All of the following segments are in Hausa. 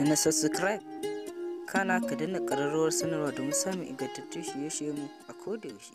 da na subscribe kana ka dana ƙararrawar sanarwa domin samun ingantattun shirye mu a kodayaushe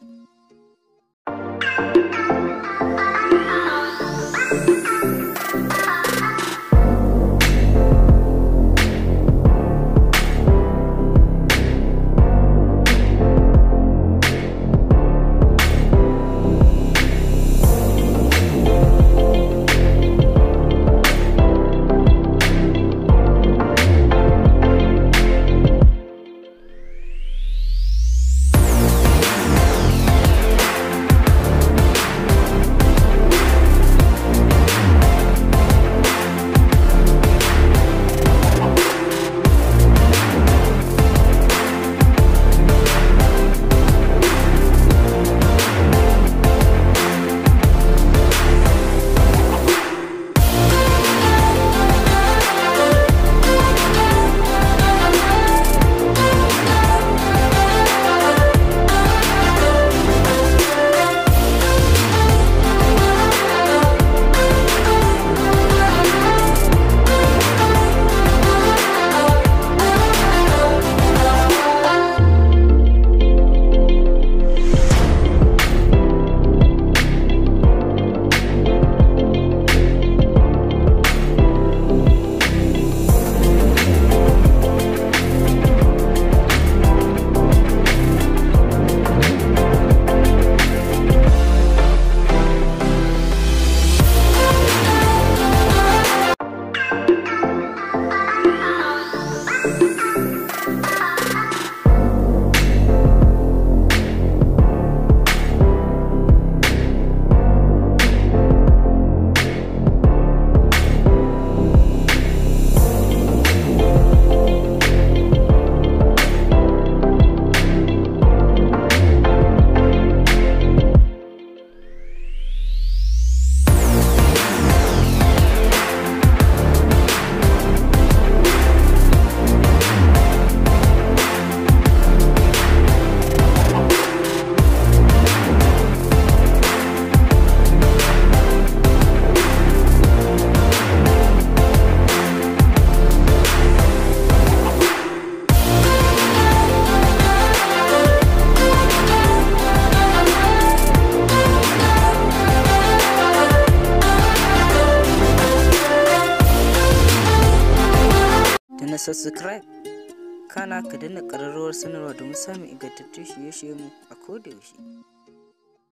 na subscribe kana ka danna ƙararrawar sanarwa domin samun ingantattun shirye-shiryenmu a kodayaushe